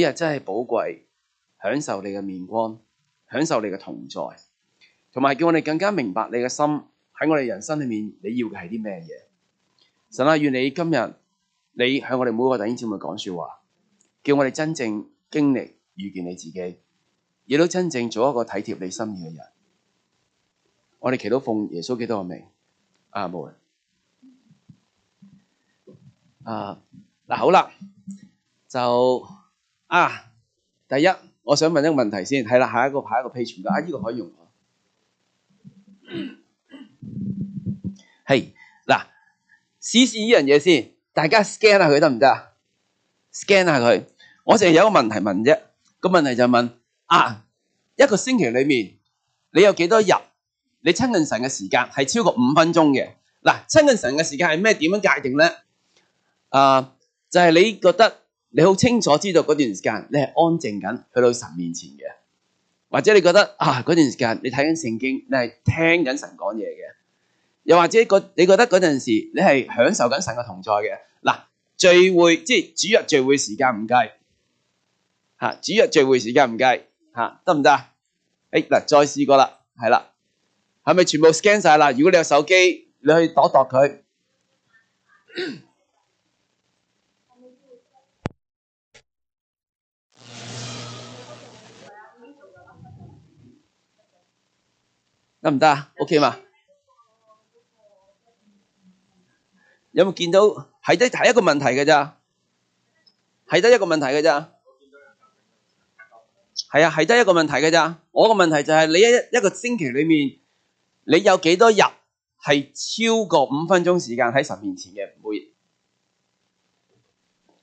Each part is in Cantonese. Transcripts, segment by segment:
呢日真係寶貴，享受你嘅面光，享受你嘅同在，同埋叫我哋更加明白你嘅心喺我哋人生裏面，你要嘅係啲咩嘢？神啊，願你今日你向我哋每個弟兄姊妹講說話，叫我哋真正經歷遇見你自己，亦都真正做一個體貼你心意嘅人。我哋祈禱奉耶穌基督嘅名，阿門。啊，嗱、啊、好啦，就。啊！第一，我想問一個問題先，睇下，下一個下一個 page 全家，啊呢個可以用。係嗱， 試試呢樣嘢先，大家 scan 下佢得唔得？scan 下佢，我淨係有個問題問啫。個問題就問啊，一個星期裏面，你有幾多日你親近神嘅時間係超過五分鐘嘅？嗱，親近神嘅時間係咩？點樣界定咧？啊，就係、是、你覺得。你好清楚知道嗰段時間你係安靜緊去到神面前嘅，或者你覺得啊嗰段時間你睇緊聖經，你係聽緊神講嘢嘅，又或者你覺得嗰陣時你係享受緊神嘅同在嘅。嗱，聚會即係主日聚會時間唔計，嚇、啊、主日聚會時間唔計，嚇得唔得？哎嗱，再試過啦，係、啊、啦，係咪全部 scan 晒啦？如果你有手機，你去度度佢。得唔得啊？OK 嘛、right?？有冇見到？係得係一個問題嘅咋？係得一個問題嘅咋？係啊，係得一個問題嘅咋？我個問題就係你一一個星期裏面，你有幾多日係超過五分鐘時間喺神前嘅？每日，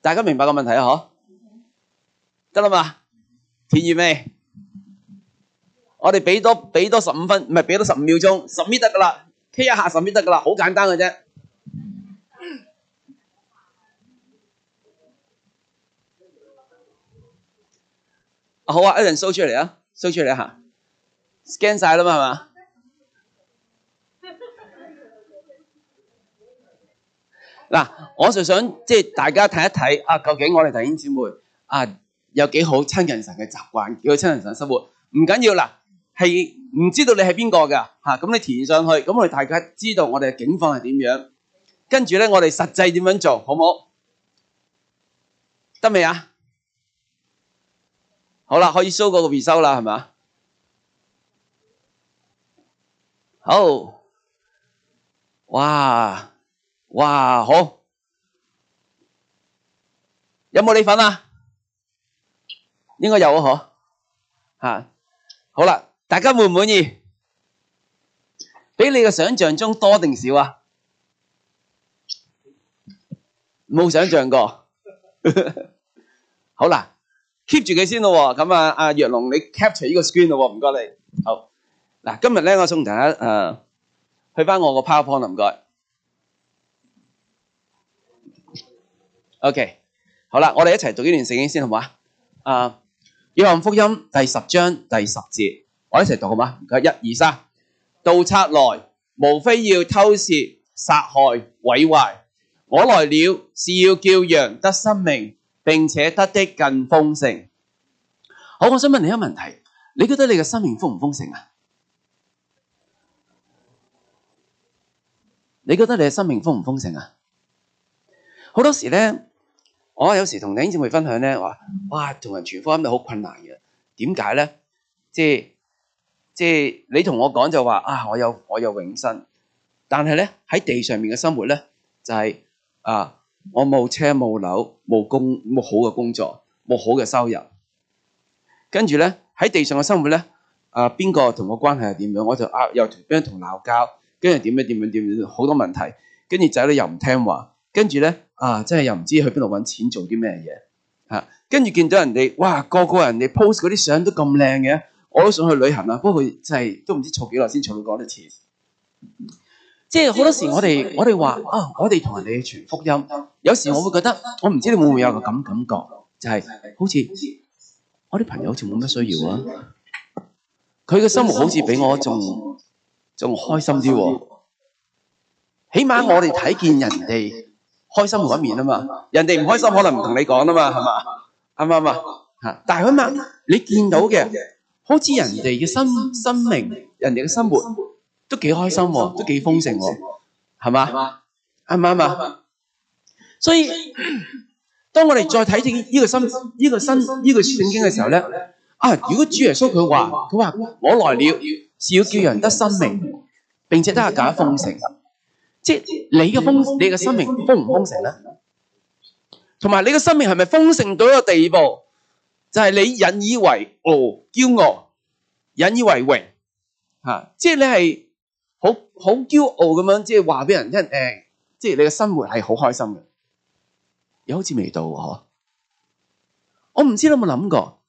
大家明白個問題啊？嗬，得啦嘛？聽見未？我哋畀多俾多十五分，唔係俾多十五秒鐘，十秒得噶啦，K 一下十秒得噶啦，好簡單嘅啫。好啊，一陣掃出嚟啊，掃出嚟一下，scan 晒啦嘛，係嘛？嗱，我就想即係大家睇一睇啊，究竟我哋弟兄姊妹啊有幾好親近神嘅習慣，幾好親近神生活，唔緊要嗱。啊係唔知道你係邊個嘅吓，咁、啊、你填上去，咁我哋大概知道我哋嘅境況係點樣，跟住咧我哋實際點樣做好冇？得未啊？好啦，可以收個回收啦，係嘛？好，哇哇好，有冇你份啊？應該有啊，嗬吓，好啦。大家滿唔滿意？比你嘅想象中多定少啊？冇想象過。好啦，keep 住佢先咯。咁啊，阿若龍，你 capture 呢個 screen 咯，唔該你。好，嗱，今日咧，我送大家啊，去翻我個 powerpoint，唔該。OK，好啦，我哋一齊讀呢段聖經先，好嘛？啊，約翰福音第十章第十節。我一齊讀好嘛？而家一二三，盜賊來，無非要偷竊、殺害、毀壞。我來了，是要叫羊得生命，並且得的更豐盛。好，我想問你一個問題：你覺得你嘅生命豐唔豐盛啊？你覺得你嘅生命豐唔豐盛啊？好多時咧，我有時同弟兄姊妹分享咧，話哇，同人傳福音都好困難嘅。點解咧？即係。即係你同我講就話啊，我有我有永生，但係咧喺地上面嘅生活咧就係、是、啊，我冇車冇樓冇工冇好嘅工作冇好嘅收入，跟住咧喺地上嘅生活咧啊，邊個同我關係係點樣？我就啊又同邊個同鬧交，跟住點樣點樣點樣好多問題，跟住仔女又唔聽話，跟住咧啊真係又唔知去邊度揾錢做啲咩嘢嚇，跟、啊、住見到人哋哇個個人哋 post 嗰啲相都咁靚嘅。我都想去旅行啦，就是、不過真係都唔知儲幾耐先儲到嗰啲錢。即係好多時我，我哋我哋話啊，我哋同人哋去傳福音，嗯、有時我會覺得，嗯、我唔知你會唔會有個咁感覺，就係、是、好似我啲朋友好似冇乜需要啊，佢嘅生活好似比我仲仲開心啲喎。起碼我哋睇見人哋開心嗰一面啊嘛，人哋唔開心可能唔同你講啊嘛，係嘛？啱唔啱啊？吧吧但係佢問你見到嘅。好似人哋嘅生生命，人哋嘅生活都幾開心，啊，都幾豐盛，啊，係嘛，啊？係咪啊嘛？所以當我哋再睇正呢個心，呢、呢個心，呢個聖經嘅時候呢，啊，如果主耶穌佢話，佢話我來了是要叫人得生命，並且得啊更豐盛，嗯、即你嘅你嘅生命豐唔豐盛呢？同埋你嘅生命係咪豐盛到一個地步？就係你引以為傲、驕傲、引以為榮，吓、啊，即係你係好好驕傲咁樣，即係話畀人聽誒，即係你嘅生活係好開心嘅，又好似未到。嗬、啊？我唔知你有冇諗過，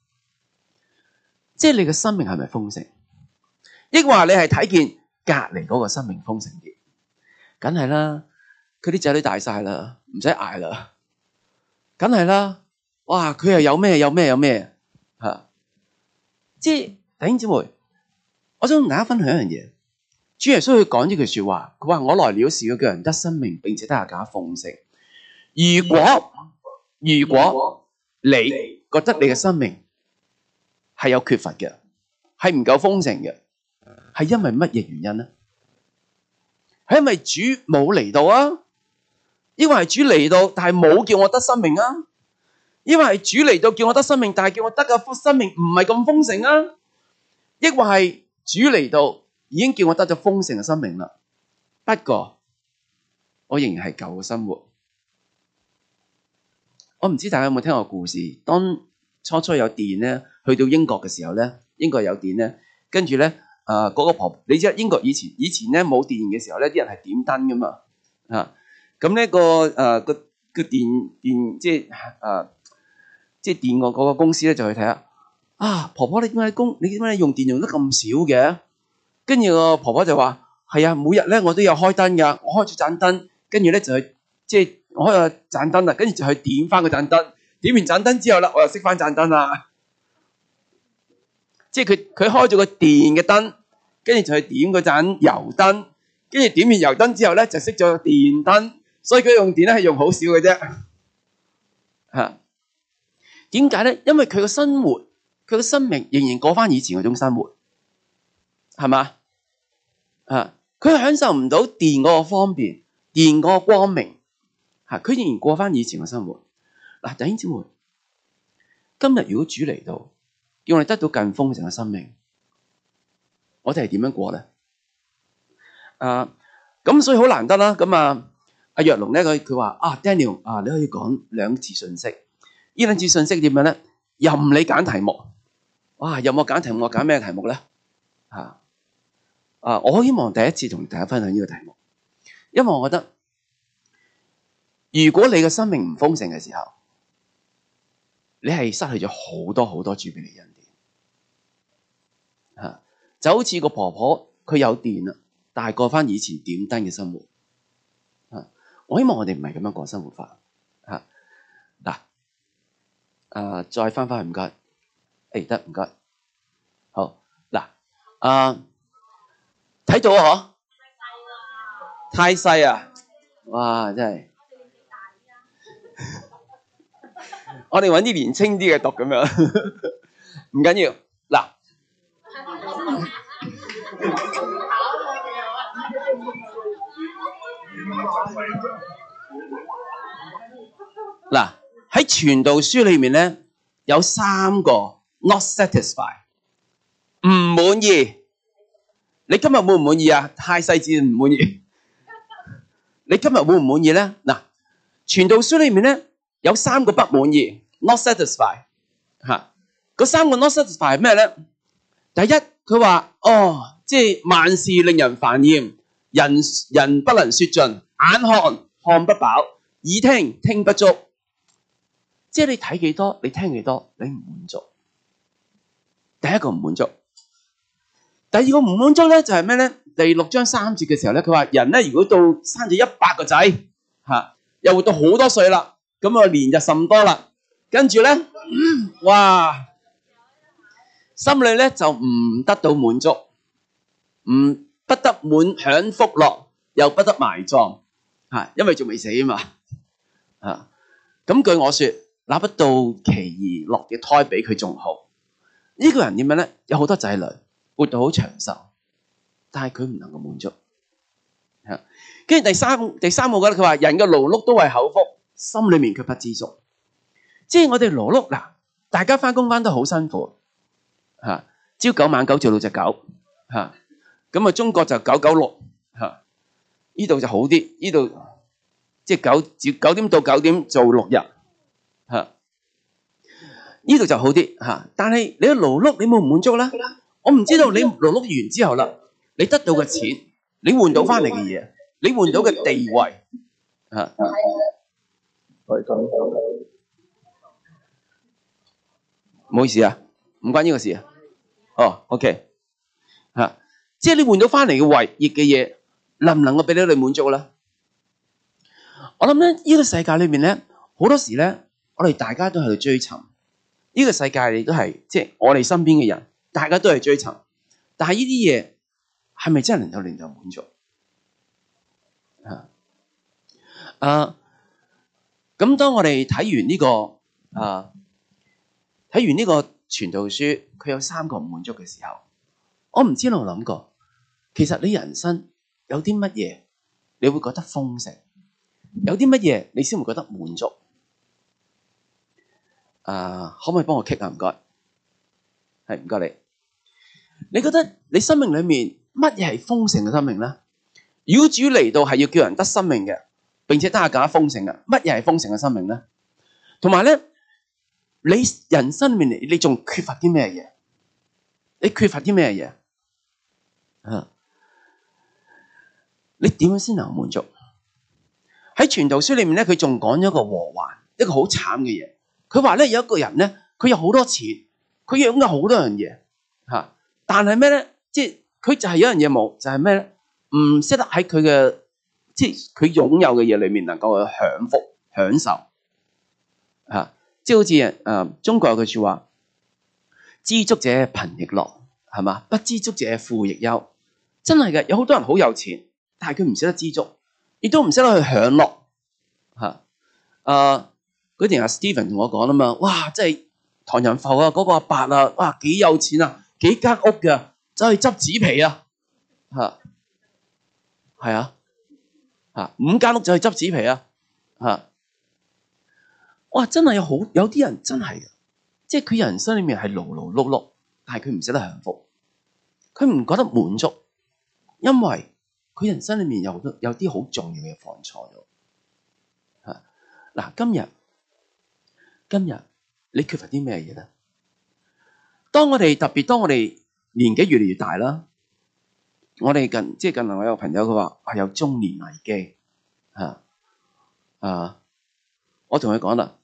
即係你嘅生命係咪豐盛？抑或你係睇見隔籬嗰個生命豐盛啲，梗係啦，佢啲仔女大晒啦，唔使挨啦，梗係啦。哇！佢又有咩？有咩？有咩？吓，即係弟兄姐妹，我想跟大家分享一樣嘢。主耶穌講一句說話，佢話我來了是要叫人得生命，並且得嘅更豐盛。如果如果你,你覺得你嘅生命係有缺乏嘅，係唔夠豐盛嘅，係因為乜嘢原因呢？係因為主冇嚟到啊？抑或主嚟到，但係冇叫我得生命啊？因為係主嚟到叫我得生命，但係叫我得嘅生命唔係咁豐盛啊！抑或係主嚟到已經叫我得咗豐盛嘅生命啦。不過我仍然係舊嘅生活。我唔知大家有冇聽過故事？當初初有電咧，去到英國嘅時候咧，英國有電咧，跟住咧，誒嗰個婆婆，你知英國以前以前咧冇電嘅時候咧，啲人係點燈噶嘛啊？咁呢個誒個個電電即係誒。就是即係電個嗰個公司咧就去睇下，啊，婆婆，你點解供你點解你用電用得咁少嘅？跟住個婆婆就話：係啊，每日咧我都有開燈噶，我開住盞燈，跟住咧就去即係我開咗盞燈啊，跟住就去點翻個盞燈，點完盞燈之後啦，我又熄翻盞燈啦。即係佢佢開咗個電嘅燈，跟住就去點嗰盞油燈，跟住點完油燈之後咧就熄咗個電燈，所以佢用電咧係用好少嘅啫，吓、啊。點解呢？因為佢個生活，佢個生命仍然過翻以前嗰種生活，係嘛？佢、啊、享受唔到電嗰個方便，電嗰個光明，佢、啊、仍然過翻以前嘅生活。嗱、啊，弟兄姊妹，今日如果主嚟到，叫我哋得到更豐盛嘅生命，我哋係點樣過呢？啊，咁所以好難得啦。咁啊，阿、啊、若龍咧，佢佢話啊，Daniel 啊，你可以講兩次信息。呢兩次信息點樣呢？任你揀題目，哇！任我揀題目，選我揀咩題目呢？吓啊！我希望第一次同大家分享呢個題目，因為我覺得如果你嘅生命唔豐盛嘅時候，你係失去咗好多好多儲備嘅恩典，吓、啊、就好似個婆婆，佢有電啦，但係過返以前點燈嘅生活，吓、啊！我希望我哋唔係咁樣過生活法。啊，再翻翻去唔該，誒得唔該，好嗱啊，睇咗嗬，太細啊，哇真係，我哋要大啲啊，我哋揾啲年輕啲嘅讀咁樣，唔緊要嗱，嗱。喺傳道書裏面咧，有三個 not satisfy 唔滿意。你今日滿唔滿意啊？太細緻唔滿意。你今日滿唔滿意咧？嗱，傳道書裏面咧有三個不滿意，not satisfy 吓，嗰、啊、三個 not satisfy 係咩咧？第一，佢話哦，即係萬事令人煩厭，人人不能說盡，眼看看不飽，耳聽聽不足。即係你睇幾多，你聽幾多，你唔滿足。第一個唔滿足，第二個唔滿足咧就係咩咧？第六章三節嘅時候咧，佢話人咧如果到生咗一百個仔，吓又活到好多歲啦，咁啊年就甚多啦，跟住咧、嗯，哇，心裏咧就唔得到滿足，唔不得滿享福樂，又不得埋葬，吓，因為仲未死啊嘛，吓、啊，咁據我說。拿，不到期而落嘅胎比佢仲好。呢、呢個人點樣呢？有好多仔女，活到好長壽，但係佢唔能夠滿足吓。跟、啊、第三第三個咧，佢話人嘅勞碌都係口福，心裏面卻不知足。即係我哋勞碌嗱，大家翻工翻都好辛苦吓、啊，朝九晚九做六隻狗，吓、啊，咁啊中國就九九六吓，呢、啊、度就好啲，呢度即係九九九點到九點做六日。吓，呢度就好啲吓，但係你去勞碌，你冇滿足啦。的我唔知道你勞碌完之後啦，你得到嘅錢，你換到翻嚟嘅嘢，你換到嘅地位，吓，係咁，唔好意思啊，唔關呢個事啊。哦，OK，吓、啊，即係你換到翻嚟嘅位，嘅嘢能唔能夠俾到你滿足啦？我諗咧，呢個世界裏面呢，好多時咧。我哋大家都係去追尋呢個世界都，你都係即係我哋身邊嘅人，大家都係追尋。但係呢啲嘢係咪真係能夠令到滿足？啊啊！咁當我哋睇完呢個啊睇完呢個傳道書，佢有三個唔滿足嘅時候，我唔知你有冇諗過，其實你人生有啲乜嘢你會覺得豐盛，有啲乜嘢你先會覺得滿足？啊，可唔可以幫我 kick 啊？唔該，係唔該你。你覺得你生命裏面乜嘢係豐盛嘅生命咧？主嚟到係要叫人得生命嘅，並且得更加豐盛嘅。乜嘢係豐盛嘅生命咧？同埋咧，你人生裏面你仲缺乏啲咩嘢？你缺乏啲咩嘢？啊，你點樣先能滿足？喺《傳道書》裏面咧，佢仲講咗個禍患，一個好慘嘅嘢。佢話咧，有一個人呢，佢有好多錢，佢養緊好多樣嘢，嚇。但係咩咧？即係佢就係有樣嘢冇，就係咩咧？唔識得喺佢嘅即係佢擁有嘅嘢裏面，能夠去享福享受嚇。即係，啊，好似，呃，中國有句説話，知足者貧亦樂，係嘛？不知足者富亦憂。真係嘅，有好多人好有錢，但係佢唔識得知足，亦都唔識得去享樂。啊，呃嗰陣阿 Steven 同我講啦嘛，哇！真係唐仁浮啊，嗰、那個阿伯啊，哇！幾有錢啊，幾間屋嘅，走去執紙皮啊，嚇、啊，係啊，啊，五間屋就去執紙皮啊，嚇、啊啊！哇！真係有好有啲人真係，即係佢人生裏面係勞勞碌碌，但係佢唔捨得幸福，佢唔覺得滿足，因為佢人生裏面有有啲好重要嘅放錯咗，嗱、啊啊，今日。今日你缺乏啲咩嘢咧？當我哋特別，當我哋年紀越嚟越大啦，我哋近即係近嚟，我有個朋友佢話係有中年危機吓啊，啊！我同佢講啦，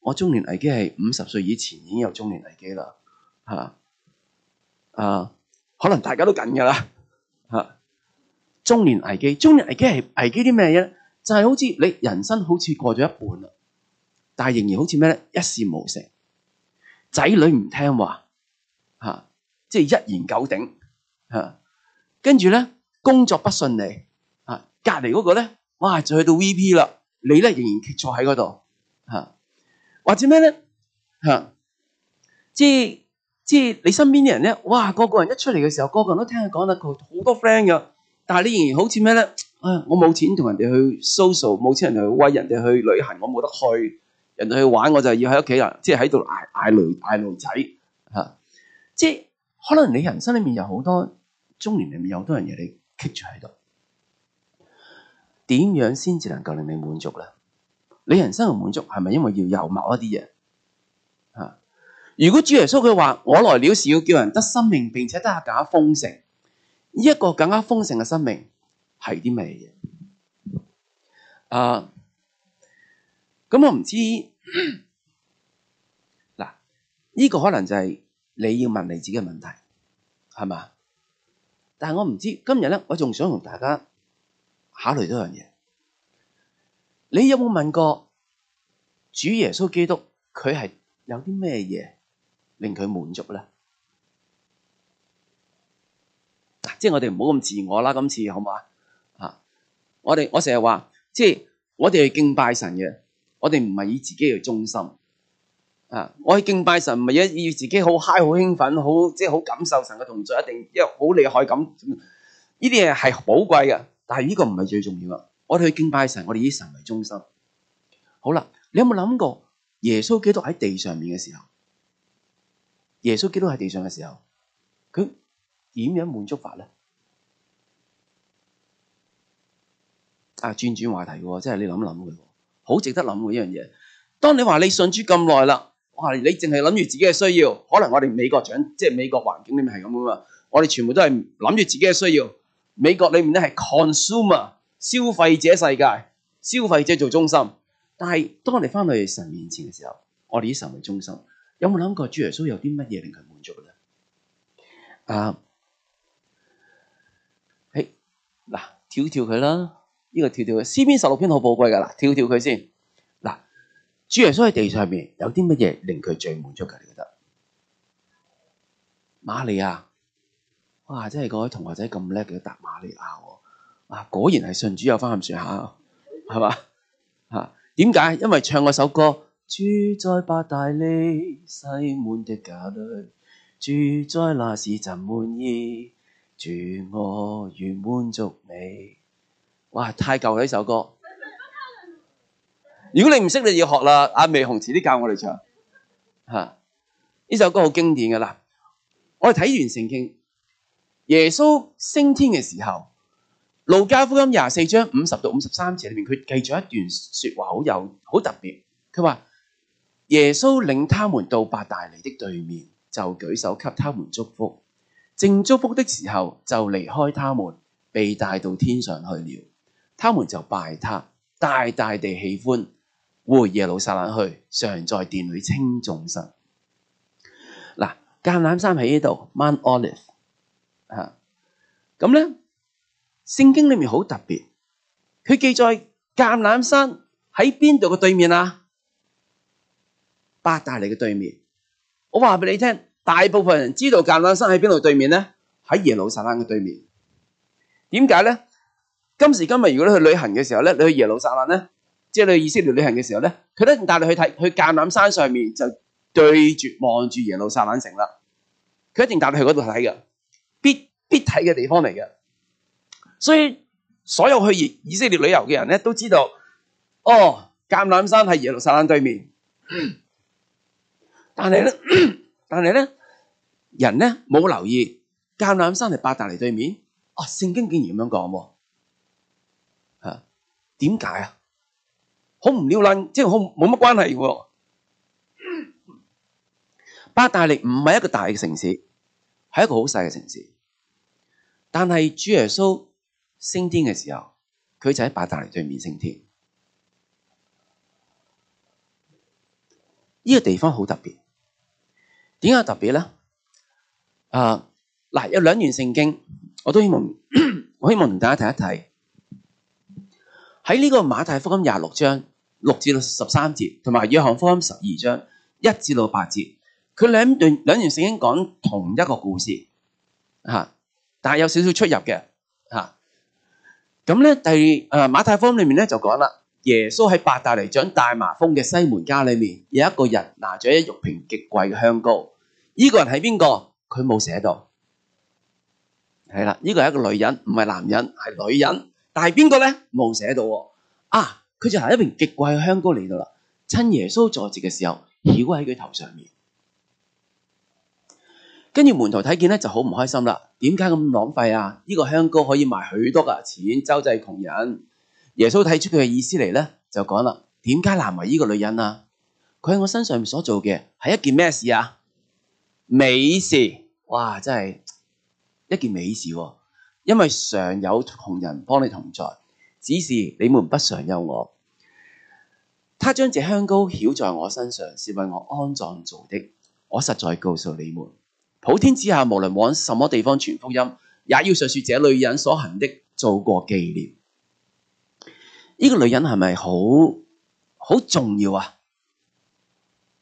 我中年危機係五十歲以前已經有中年危機啦吓啊！可能大家都緊噶啦吓，中年危機，中年危機係危機啲咩嘢咧？就係、是、好似你人生好似過咗一半啦。但係仍然好似咩咧？一事無成，仔女唔聽話，吓、啊，即係一言九鼎吓。跟住咧，工作不順利，吓、啊，隔籬嗰個咧，哇，就去到 VP 啦。你咧仍然坐喺嗰度，吓、啊，或者咩咧，吓、啊，即係即係你身邊啲人咧，哇，個個人一出嚟嘅時候，個個人都聽佢講啦，佢好多 friend 嘅。但係你仍然好似咩咧？啊，我冇錢同人哋去 social，冇錢同人哋去威，人哋去旅行，我冇得去。人哋去玩，我就要喺屋企啦，即係喺度挨挨雷、挨雷仔吓、啊，即係可能你人生裏面有好多中年裏面有好多人嘢你棘住喺度，點樣先至能夠令你滿足咧？你人生嘅滿足係咪因為要有某一啲嘢吓？如果主耶穌佢話我來了是要叫人得生命，並且得下更加豐盛，呢一個更加豐盛嘅生命係啲咩嘢？啊？咁我唔知，嗱呢、嗯這個可能就係你要問你自己嘅問題，係嘛？但係我唔知今日咧，我仲想同大家考慮一樣嘢。你有冇問過主耶穌基督佢係有啲咩嘢令佢滿足咧？即係我哋唔好咁自我啦，今次好嘛？啊，我哋我成日話，即係我哋係敬拜神嘅。我哋唔係以自己為中心啊！我去敬拜神唔係一要自己好嗨、好興奮、好即係好感受神嘅同在，一定因為好厲害咁。呢啲嘢係寶貴嘅，但係呢個唔係最重要啊！我哋去敬拜神，我哋以神為中心。好啦，你有冇諗過耶穌基督喺地上面嘅時候？耶穌基督喺地上嘅時候，佢點樣滿足法咧？啊，轉轉話題喎，即係你諗諗佢。好值得諗嘅一樣嘢。當你話你信主咁耐啦，哇，你淨係諗住自己嘅需要。可能我哋美國長即係美國環境裏面係咁㗎嘛。我哋全部都係諗住自己嘅需要。美國裏面咧係 consumer 消費者世界，消費者做中心。但係當我哋翻去神面前嘅時候，我哋以神為中心。有冇諗過主耶穌有啲乜嘢令佢滿足咧？啊，嘿嗱，跳跳佢啦！呢個跳跳佢，詩篇十六篇好寶貴㗎啦，跳跳佢先。嗱，主耶穌喺地上面有啲乜嘢令佢最滿足嘅？你覺得？瑪利亞，哇！真係各位同學仔咁叻嘅搭瑪利亞喎，啊！果然係信主有翻咁上下，係、啊、嘛？嚇點解？因為唱嗰首歌，住在伯大尼，西門的家裏，住在那時甚滿意，主我願滿足你。哇！太舊啦呢首歌。如果你唔識，你要學啦。阿美紅遲啲教我哋唱。吓，呢首歌好經典噶啦。我哋睇完聖經，耶穌升天嘅時候，路加福音廿四章五十到五十三節裏面，佢記載一段說話好有好特別。佢話耶穌領他們到伯大尼的對面，就舉手給他們祝福。正祝福的時候，就離開他們，被帶到天上去了。他們就拜他，大大地喜歡回耶路撒冷去，常在殿裏稱頌神。嗱，橄欖山喺呢度，Mount Olive 啊。咁咧，聖經裏面好特別，佢記載橄欖山喺邊度嘅對面啊？伯大尼嘅對面。我話畀你聽，大部分人知道橄欖山喺邊度對面咧，喺耶路撒冷嘅對面。點解咧？今時今日，如果你去旅行嘅時候咧，你去耶路撒冷咧，即係你去以色列旅行嘅時候咧，佢一定帶你去睇去橄欖山上面，就對住望住耶路撒冷城啦。佢一定帶你去嗰度睇嘅，必必睇嘅地方嚟嘅。所以所有去以色列旅遊嘅人咧，都知道哦，橄欖山係耶路撒冷對面。但係咧，但係咧、嗯，人咧冇留意橄欖山係伯大尼對面。哦，聖經竟然咁樣講喎。點解啊？好唔了捻，即係好冇乜關係喎。伯大尼唔係一個大嘅城市，係一個好細嘅城市。但係主耶穌升天嘅時候，佢就喺伯大尼對面升天。呢、呢個地方好特別，點解特別咧？啊，嗱，有兩段聖經，我都希望， 我希望同大家睇一睇。喺呢個馬太福音廿六章六至十三節，同埋約翰福音十二章一至到八節，佢兩段兩段聖經講同一個故事，吓，但係有少少出入嘅，吓、啊。咁咧，第二、啊、馬太福音裏面呢，就講啦，耶穌喺伯大尼長大麻風嘅西門家裏面，有一個人拿咗一玉瓶極貴嘅香膏，呢、這個人係邊個？佢冇寫到，係啦，呢個係一個女人，唔係男人，係女人。但係邊個咧，冇寫到啊？佢、啊、就係一瓶極貴嘅香膏嚟到啦。趁耶穌坐席嘅時候，曉喺佢頭上面。跟住門徒睇見咧，就好唔開心啦。點解咁浪費啊？呢、這個香膏可以賣許多嘅錢，周濟窮人。耶穌睇出佢嘅意思嚟呢，就講啦：點解難為呢個女人啊？佢喺我身上面所做嘅係一件咩事啊？美事哇！真係一件美事、喎。因為常有窮人幫你同在，只是你們不常有我。他將這香膏曉在我身上，是為我安葬做的。我實在告訴你們，普天之下無論往什麼地方傳福音，也要述說這女人所行的，做個紀念。呢個女人係咪好好重要啊？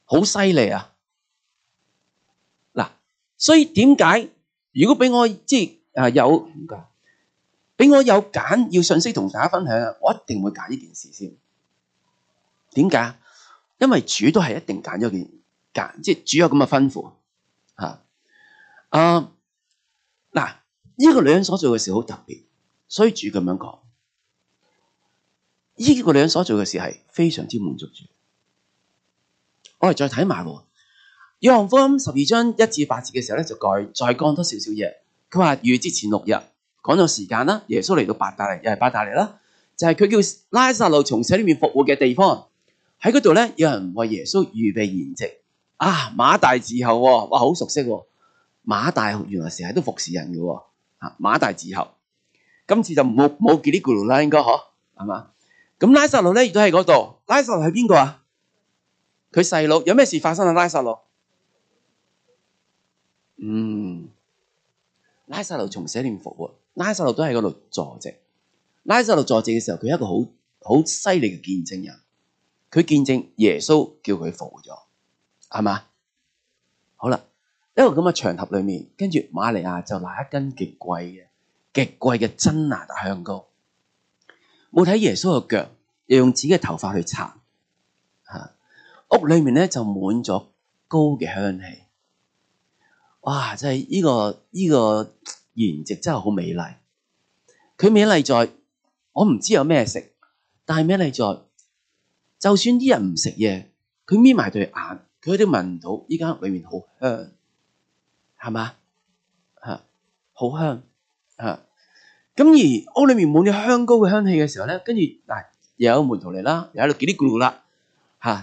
好犀利啊！嗱，所以點解如果畀我即啊有點解？俾我有揀要信息同大家分享，我一定會揀呢件事先。點解？因為主都係一定揀咗件揀，即係主有咁嘅吩咐吓。啊，嗱、啊，呢、這個女人所做嘅事好特別，所以主咁樣講。呢、這個女人所做嘅事係非常之滿足主。我哋再睇埋喎《約翰福音》十二章一至八節嘅時候咧，就改再講多少少嘢。佢話逾越節前六日，趕時間啦。耶穌嚟到伯大尼，又係伯大尼啦，就係、是、佢叫拉撒路從死裏面復活嘅地方。喺嗰度咧，有人為耶穌預備筵席。啊，馬大伺候、哦，哇，好熟悉、哦馬，馬大原來成日都服侍人嘅，啊，馬大伺候。今次就冇冇 get 呢個啦，沒沒應該嗬，係嘛沒？咁拉撒路呢亦都喺嗰度。拉撒路係邊個啊？佢細佬有咩事發生啊？拉撒路，嗯。拉撒路從死裏復活，拉撒路都喺嗰度坐席。拉撒路坐席嘅時候，佢係一個好好犀利嘅見證人，佢見證耶穌叫佢復活咗，係嘛？好啦，一個咁嘅場合裏面，跟住瑪利亞就拿一根極貴嘅極貴嘅真哪噠香膏，抹喺耶穌嘅腳，又用自己嘅頭髮去擦，吓屋裏面咧就滿咗膏嘅香氣。哇！真係呢、這個呢、這個顏值真係好美麗，佢美麗在，我唔知道有咩食，但係美麗在，就算啲人唔食嘢，佢搣埋對眼睛，佢都聞到依間屋裏面好香，係嘛？好香吓。咁而屋裏面滿咗香膏嘅香氣嘅時候呢，跟住又有門徒嚟啦，又喺度點啲咕嚕啦。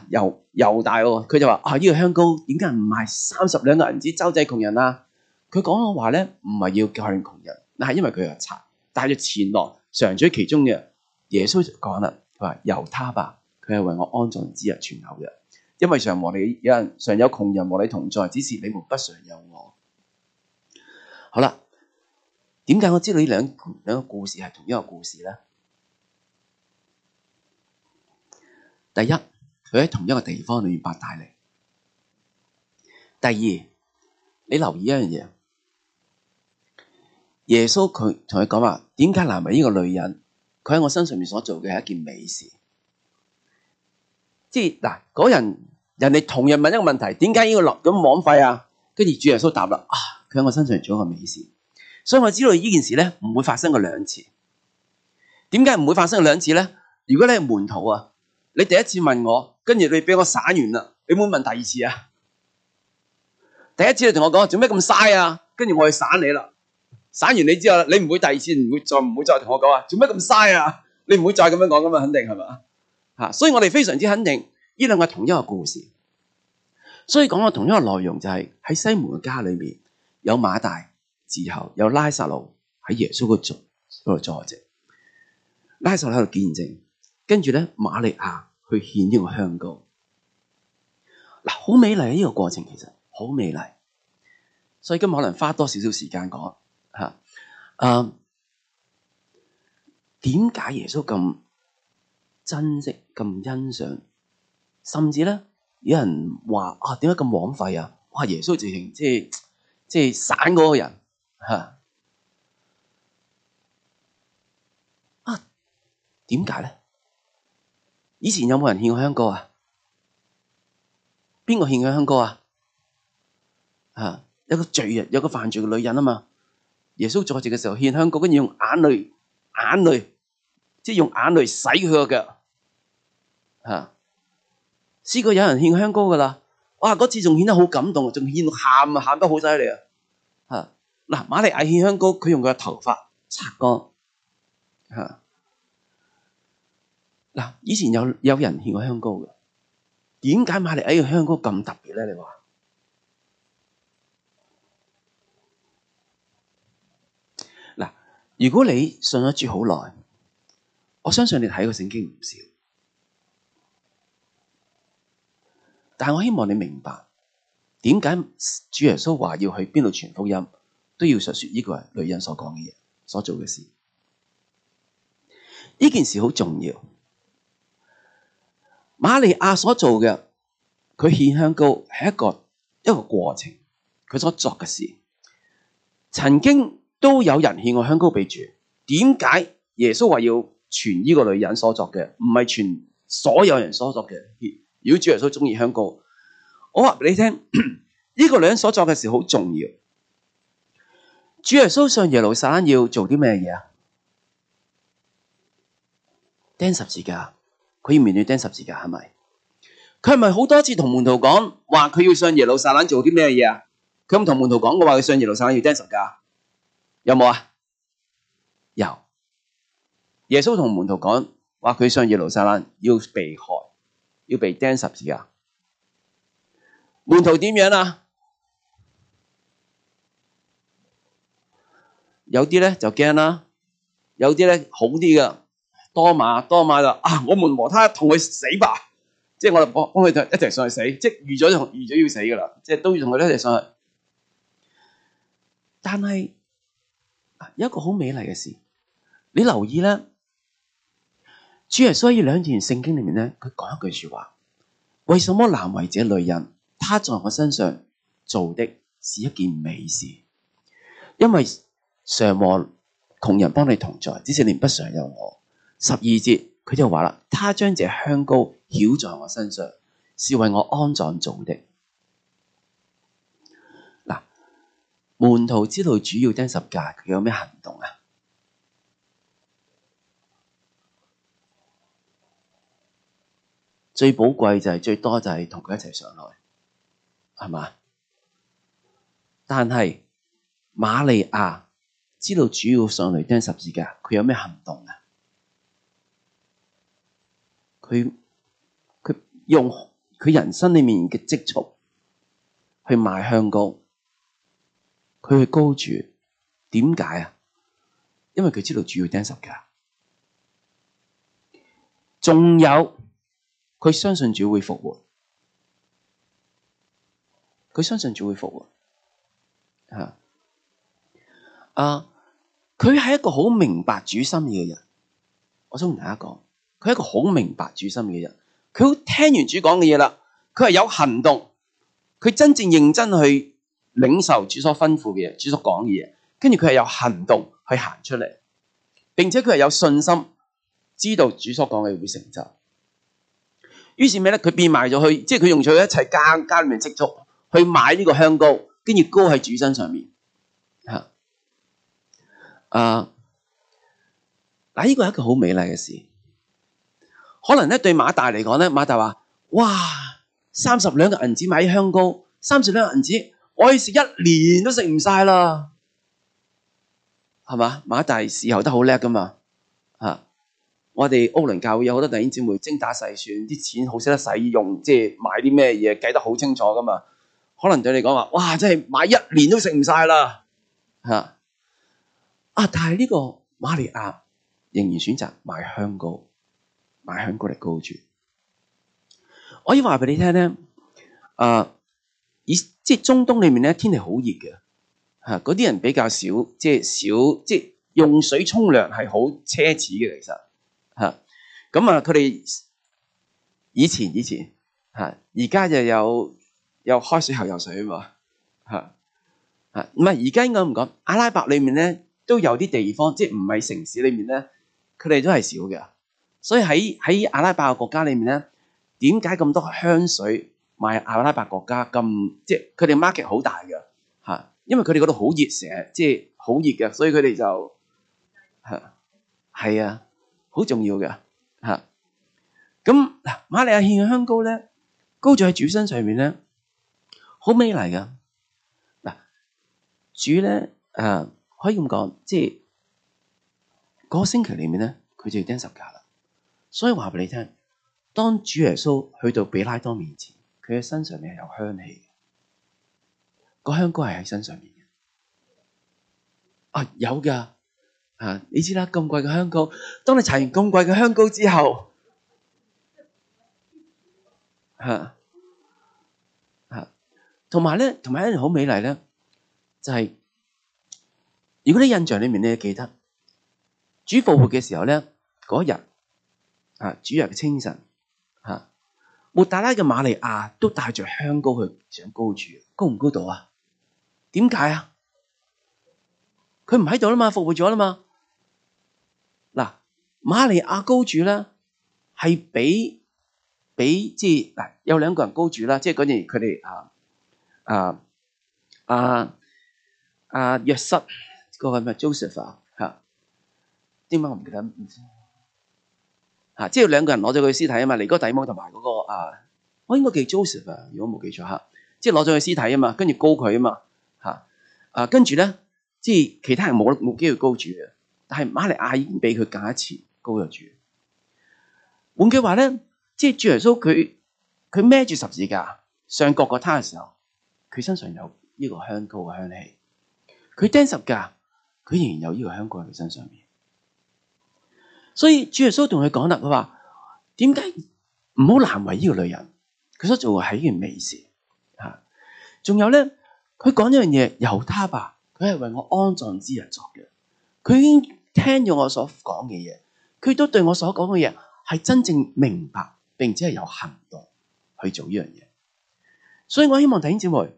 又，又大喎、哦！佢就話：啊，呢、這個香膏點解唔賣三十兩個銀子周濟窮人啊？佢講嘅話咧，唔係要救窮人，人，但係因為佢係賊，帶住錢囊常咗其中嘅耶穌就講啦：佢話由他吧，佢係為我安葬之日存留嘅，因為常和你有窮人常有窮人和你同在，只是你們不，不常有我。好啦，點解我知道呢兩,兩個故事係同一個故事呢？第一。佢喺同一個地方裏面伯大尼。第二，你留意一樣嘢，耶穌佢同佢講話，點解難為呢個女人？佢喺我身上面所做嘅係一件美事，即係嗱嗰，人人哋同樣問一個問題，點解呢個落咁枉費啊？跟住主耶穌答啦，啊佢喺我身上面做一個美事，所以我知道呢件事咧唔會發生過兩次。點解唔會發生過兩次咧？如果你係門徒啊？你第一次問我，跟住你畀我散完啦，你冇問第二次啊？第一次你同我講，做咩咁嘥啊？跟住我去散你啦，散完你之後，你唔會第二次唔會再唔會再同我講啊？做咩咁嘥啊？你唔會再咁樣講㗎嘛？肯定係嘛？吓、啊，所以我哋非常之肯定呢兩個係同一個故事，所以講個同一個內容就係、是、喺西門嘅家裏面有馬大、之後、有拉撒路喺耶穌嘅座度坐住，拉撒路喺度見證，跟住咧馬利亞。去獻呢個香膏，嗱，好美麗，呢個過程其實好美麗，所以今日可能花多少少時間講吓，啊，點解耶穌咁珍惜、咁欣賞，甚至咧有人話啊，點解咁枉費啊？哇！耶穌直情即係即係散嗰個人吓，啊，點解咧？以前有冇人獻過香膏啊？邊個獻過香膏啊？吓，一個罪人，有個犯罪嘅女人啊嘛。耶穌坐席嘅時候獻香膏，跟住用眼淚、眼淚，即係用眼淚洗佢個腳。吓，試過有人獻香膏噶啦。哇，嗰次仲獻得好感動，仲獻到喊啊，喊得好犀利啊。吓，嗱，馬利亞獻香膏，佢用佢個頭髮擦乾。吓。以前有有人獻過香膏嘅，點解馬利亞嗰個香膏咁特別咧？你話嗱，如果你信咗主好耐，我相信你睇過聖經唔少，但我希望你明白點解主耶穌話要去邊度傳福音，都要述說呢個係女人所講嘅嘢，所做嘅事，呢件事好重要。瑪利亞所做嘅，佢獻香膏係一個一個過程，佢所作嘅事，曾經都有人獻過香膏俾主。點解耶穌話要傳呢個女人所作嘅，唔係傳所有人所作嘅？如果主耶穌中意香膏，我話俾你聽，呢、 這個女人所作嘅事好重要。主耶穌上耶路撒冷要做啲咩嘢啊？釘十字架。佢要面對釘十字架，係咪？佢係咪好多次同門徒講，話佢要上耶路撒冷做啲咩嘢啊？佢咁同門徒講嘅話，佢上耶路撒冷要釘十字架，有冇啊？有。耶穌同門徒講，話佢上耶路撒冷要被害，要被釘十字架。門徒點樣啊？有啲咧就驚啦，有啲咧好啲嘅。多馬多馬就啊，我們和他同去死吧，即係我就幫佢一齊上去死，即係預咗就預咗要死噶啦，即係都同佢一齊上去。但係有一個好美麗嘅事，你留意咧，主耶穌喺呢兩段聖經裏面咧，佢講一句說話：為什麼難為這女人？他在我身上做的是一件美事，因為常和窮人幫你同在，只是你不常有我。十二節佢就話啦，他將這香膏曉在我身上，是為我安葬做的。嗱，門徒知道主要釘十架，佢有咩行動啊？最寶貴就係、是、最多就係同佢一齊上來，係嘛？但係瑪利亞知道主要上來釘十字架，佢有咩行動啊？佢佢用佢人生裏面嘅積蓄去買香膏，佢去高住，點解啊？因為佢知道主要釘十架，仲有佢相信主會復活，佢相信主會復活吓啊！佢係一個好明白主心意嘅人，我想同大家講。佢係一個好明白主心嘅人，佢好聽完主講嘅嘢啦，佢係有行動，佢真正認真去領受主所吩咐嘅嘢，主所講嘅嘢，跟住佢係有行動去行出嚟，並且佢係有信心，知道主所講嘅嘢會成就。於是咩咧？佢變賣咗去，即係佢用咗一切家家裏面積蓄去買呢個香膏，跟住膏喺主身上面，吓，啊，嗱，呢個係一個好美麗嘅事。可能咧對馬大嚟講咧，馬大話：，哇，三十兩嘅銀紙買香膏，三十兩個銀紙，我食一年都食唔晒啦，係嘛？馬大時候都好叻噶嘛，吓！我哋歐倫教會有好多弟兄姊妹精打細算，啲錢好識得使用，即係買啲咩嘢計得好清楚噶嘛。可能對你講話，哇，真係買一年都食唔晒啦，吓！啊，但係呢個瑪利亞仍然選擇買香膏。買香果嚟，高住，我以話畀你聽咧，誒、啊，而即係中東裏面咧天氣好熱嘅，吓，嗰、啊、啲人比較少，即係少即係用水沖涼係好奢侈嘅，其實吓，咁啊，佢哋以前以前吓，而、啊、家就有有開水喉游水啊嘛吓吓，唔係而家應該唔講，阿拉伯裏面咧都有啲地方，即係唔係城市裏面咧，佢哋都係少嘅。所以喺喺阿拉伯嘅國家裏面咧，點解咁多香水賣阿拉伯國家咁？即係佢哋 market 好大嘅嚇，因為佢哋嗰度好熱，成日即係好熱嘅，所以佢哋就嚇係啊，好重要嘅嚇。咁嗱，瑪麗亞獻嘅香膏咧，高咗喺主身上面咧，好美麗嘅嗱。主咧誒、啊，可以咁講，即係嗰、那個星期裏面咧，佢就要 d 十架啦。所以話畀你聽，當主耶穌去到比拉多面前，佢嘅身上面係有香氣嘅，個香膏係喺身上面嘅。啊，有噶，啊，你知啦，咁貴嘅香膏，當你搽完咁貴嘅香膏之後，吓、啊、吓，同埋咧，同埋一樣好美麗咧，就係、是、如果你印象裏面你記得主復活嘅時候咧，嗰日。啊！主日嘅清晨，嚇，抹大拉嘅瑪利亞都帶着香膏去上膏主，高唔高到啊？點解啊？佢唔喺度啦嘛，復活咗啦嘛。嗱，瑪利亞膏主咧，係畀，俾即係有兩個人膏主啦，即係嗰陣佢哋啊啊啊啊約瑟、嗰個係咩？Joseph 啊嚇，點解我唔記得。啊！即係兩個人攞咗佢屍體啊嘛，尼哥底摩同埋嗰個啊，我應該叫 Joseph 啊，如果冇記錯嚇。即係攞咗佢屍體啊嘛，跟住高佢啊嘛，嚇啊,啊！跟住咧，即係其他人冇冇機會高主啊，但係瑪利亞已經俾佢揀一次高咗主。換句話咧，即係主耶穌佢佢孭住十字架上各各他嘅時候，佢身上有呢個香膏嘅香氣。佢釘十架，佢仍然有呢個香膏喺佢身上面。所以主耶穌同佢講啦，佢話，點解唔好難為呢個女人？佢想做係一件美事。吓，仲有呢，佢講一樣嘢，由他吧。佢係為我安葬之人作嘅。佢已經聽咗我所講嘅嘢，佢都對我所講嘅嘢係真正明白，並且係有行動去做呢樣嘢。所以我希望弟兄姊妹，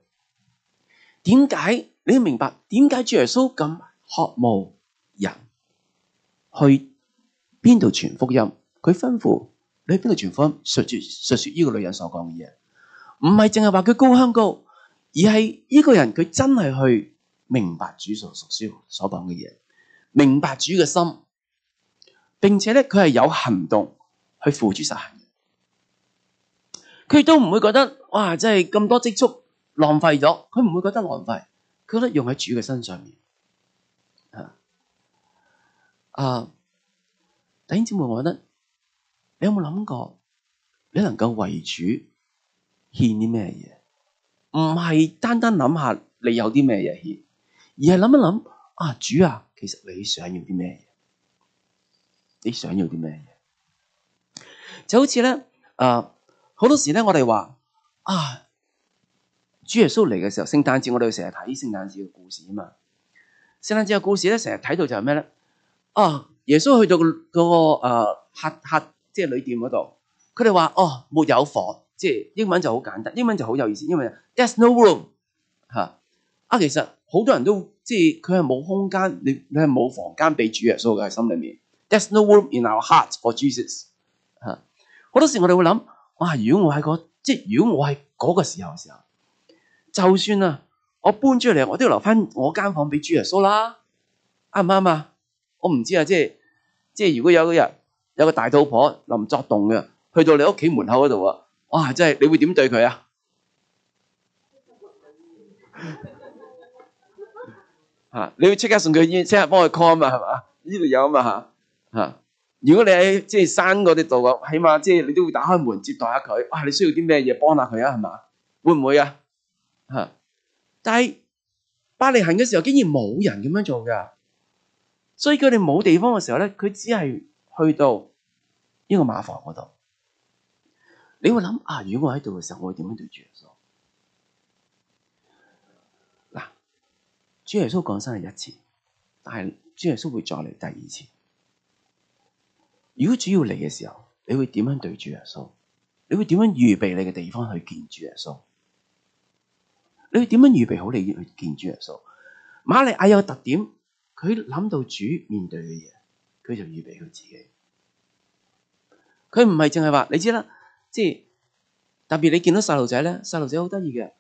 點解你要明白？點解主耶穌咁渴慕人去邊度傳福音？佢吩咐你邊度傳福音，述說述說呢個女人所講嘅嘢，唔係淨係話佢高香高，而係呢個人佢真係去明白主所述說所講嘅嘢，明白主嘅心，並且咧佢係有行動去付諸實行，佢都唔會覺得哇！即係咁多積蓄浪費咗，佢唔會覺得浪費，佢都用喺主嘅身上面啊啊！弟兄姐妹，我覺得你有冇諗過，你能夠為主獻啲咩嘢？唔係單單諗下你有啲咩嘢獻，而係諗一諗啊，主啊，其實你想要啲咩嘢？你想要啲咩嘢？就好似咧，誒、啊，好多時咧，我哋話啊，主耶穌嚟嘅時候，聖誕節，我哋成日睇聖誕節嘅故事啊嘛，聖誕節嘅故事咧，成日睇到就係咩咧？啊！耶穌去到、嗰個個誒、呃、客客即係旅店嗰度，佢哋話哦，沒有房，即係英文就好簡單，英文就好有意思，因為 there's no room 吓、啊。啊，其實好多人都即係佢係冇空間，你你係冇房間畀主耶穌嘅喺心裏面。There's no room in our heart for Jesus 吓、啊。好多時我哋會諗哇，如果我喺、嗰個即係如果我喺嗰個時候嘅時候，就算啊我搬出嚟，我都要留翻我間房畀主耶穌啦，啱唔啱啊？對我唔知啊，即係即係，如果有日有一個大肚婆臨作動嘅，去到你屋企門口嗰度啊，哇！真係你會點對佢啊？ 你要即刻送佢醫院，即刻幫佢 call 嘛？係嘛？依度有嘛、啊？如果你喺即係山嗰啲度嘅，起碼即係你都會打開門接待下佢。哇、啊！你需要啲咩嘢幫下佢啊？係嘛？會唔會啊？但係伯利恆嘅時候，竟然冇人咁樣做㗎。所以佢哋冇地方嘅時候咧，佢只係去到呢個馬房嗰度。你會諗啊，如果我喺度嘅時候，我會點樣對住耶穌？嗱，主耶穌降生係一次，但係主耶穌會再嚟第二次。如果主要嚟嘅時候，你會點樣對住耶穌？你會點樣預備你嘅地方去見主耶穌？你會點樣預備好你要去見主耶穌？馬利亞有特點。佢諗到主面對嘅嘢，佢就預備佢自己。佢唔係淨係話，你知啦，即係特別你見到細路仔咧，細路仔好得意嘅，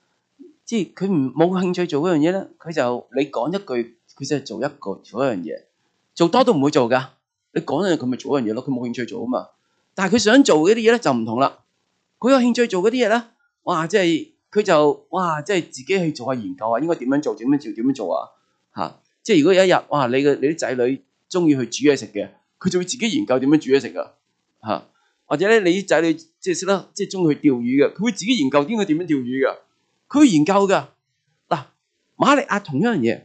即係佢唔冇興趣做嗰樣嘢咧，佢就你講一句，佢就係做一個做一樣嘢，做多都唔會做噶。你講一樣，佢咪做一樣嘢咯，佢冇興趣做啊嘛。但係佢想做嗰啲嘢咧就唔同啦，佢有興趣做嗰啲嘢咧，哇！即係佢就哇！即係自己去做下研究啊，應該點樣做？點樣做？點樣做啊？吓！即係如果有一日，哇！你嘅你啲仔女中意去煮嘢食嘅，佢就會自己研究點樣煮嘢食噶吓、啊。或者咧，你啲仔女即係識得即係中意去釣魚嘅，佢會自己研究點樣點樣釣魚噶。佢會研究噶。嗱、啊，瑪利亞同一樣嘢，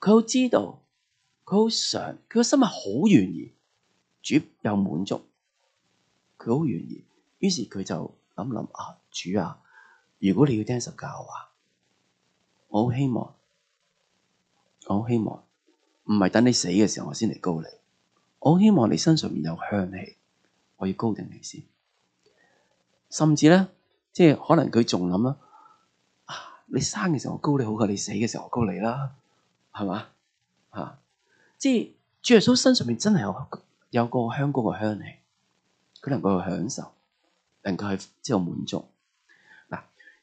佢好知道，佢好想，佢個心係好願意，主又滿足，佢好願意。於是佢就諗諗啊，主啊，如果你要聽實教啊，我好希望。我好希望，唔係等你死嘅時候我先嚟膏你。我好希望你身上面有香氣，我要膏定你先。甚至呢，即係可能佢仲諗啦，啊，你生嘅時候我膏你好過你死嘅時候我膏你啦，係嘛吓？即係主耶穌身上面真係有有個香膏嘅香氣，佢能夠享受，能夠去即係滿足。嗱，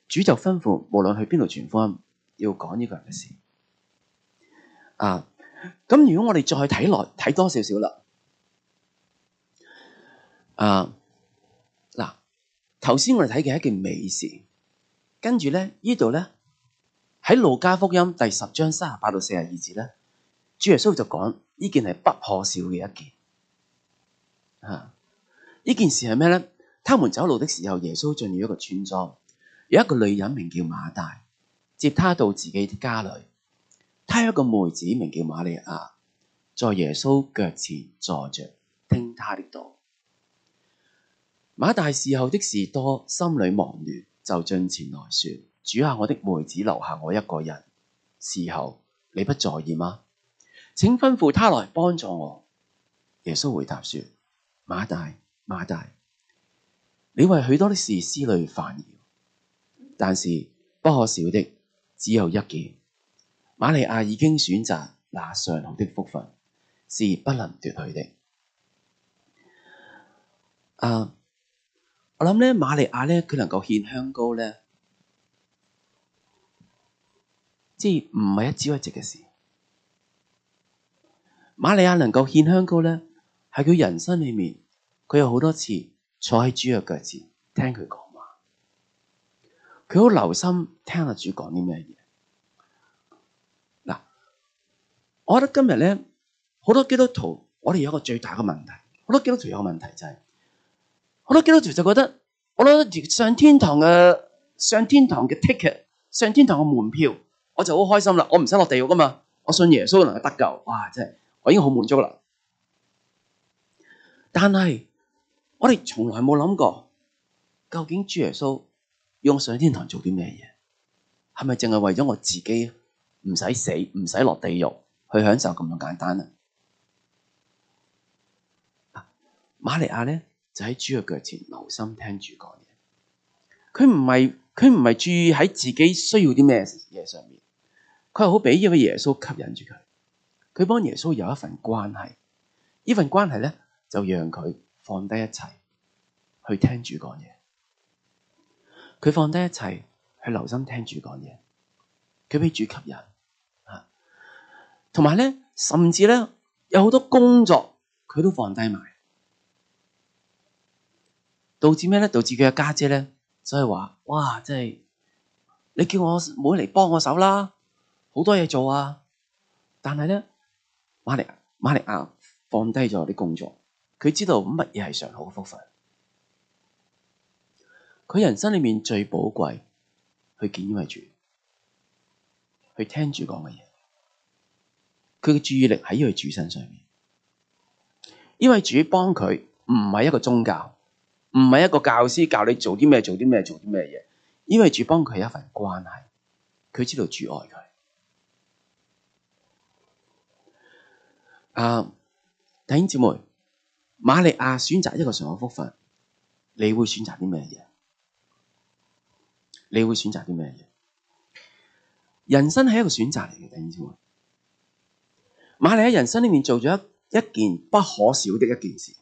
主就吩咐無論去邊度傳福音，要講呢個人嘅事。啊！咁如果我哋再睇耐睇多少少啦，啊嗱，頭、啊、先我哋睇嘅係一件美事，跟住咧呢度咧喺路加福音第十章三十八到四十二節咧，主耶穌就講呢件係不可少嘅一件。吓、啊、呢件事係咩咧？他們走路嘅時候，耶穌進入一個村莊，有一個女人名叫馬大，接她到自己嘅家裏。他有一個妹子名叫瑪利亞，在耶穌腳前坐着聽他的道。馬大事後的事多，心裏忙亂，就進前來說：主啊，我的妹子留下我一個人，事後你不在意嗎？請吩咐他來幫助我。耶穌回答說：馬大，馬大，你為許多的事思慮煩擾，但是不可少的只有一件。瑪利亞已經選擇那上好的福分，是不能奪去的。啊、uh，我諗咧，瑪利亞咧，佢能夠獻香膏呢，即係唔係一朝一夕嘅事。瑪利亞能夠獻香膏呢，係佢人生裏面，佢有好多次坐喺主嘅腳前聽佢講話，佢好留心聽阿主講啲咩嘢。我覺得今日咧，好多基督徒，我哋有一個最大嘅問題，好多基督徒有個問題就係，好多基督徒就覺得，我攞上天堂嘅上天堂嘅 ticket，上天堂嘅門票，我就好開心啦，我唔使落地獄噶嘛，我信耶穌能夠得救，哇，真係我已經好滿足啦。但係我哋從來冇諗過，究竟主耶穌要我上天堂做啲咩嘢？係咪淨係為咗我自己，唔使死，唔使落地獄？去享受咁樣簡單啦！瑪利亞咧就喺主嘅腳前留心聽主講嘢，佢唔係佢唔係注意喺自己需要啲咩嘢上面，佢係好畀呢位耶穌吸引住佢，佢幫耶穌有一份關係，呢份關係咧就讓佢放低一切去聽主講嘢，佢放低一切去留心聽主講嘢，佢畀主吸引。同埋咧，甚至咧，有好多工作佢都放低埋，導致咩咧？導致佢嘅家姐咧，所以話哇，真係你叫我妹嚟幫我手啦，好多嘢做啊！但係咧，瑪利亞，瑪利亞放低咗啲工作，佢知道乜嘢係上好嘅福分。佢人生裏面最寶貴去見住、去聽住講嘅嘢。佢嘅注意力喺呢位主身上面，因為主幫佢唔係一個宗教，唔係一個教師教你做啲咩、做啲咩、做啲咩嘢，因為主幫佢係一份關係，佢知道主愛佢。啊，弟兄姊妹，瑪利亞選擇一個上學福分，你會選擇啲咩嘢？你會選擇啲咩嘢？人生係一個選擇嚟嘅，弟兄姊妹。瑪麗亞喺人生裏面做咗一件不可少的一件事，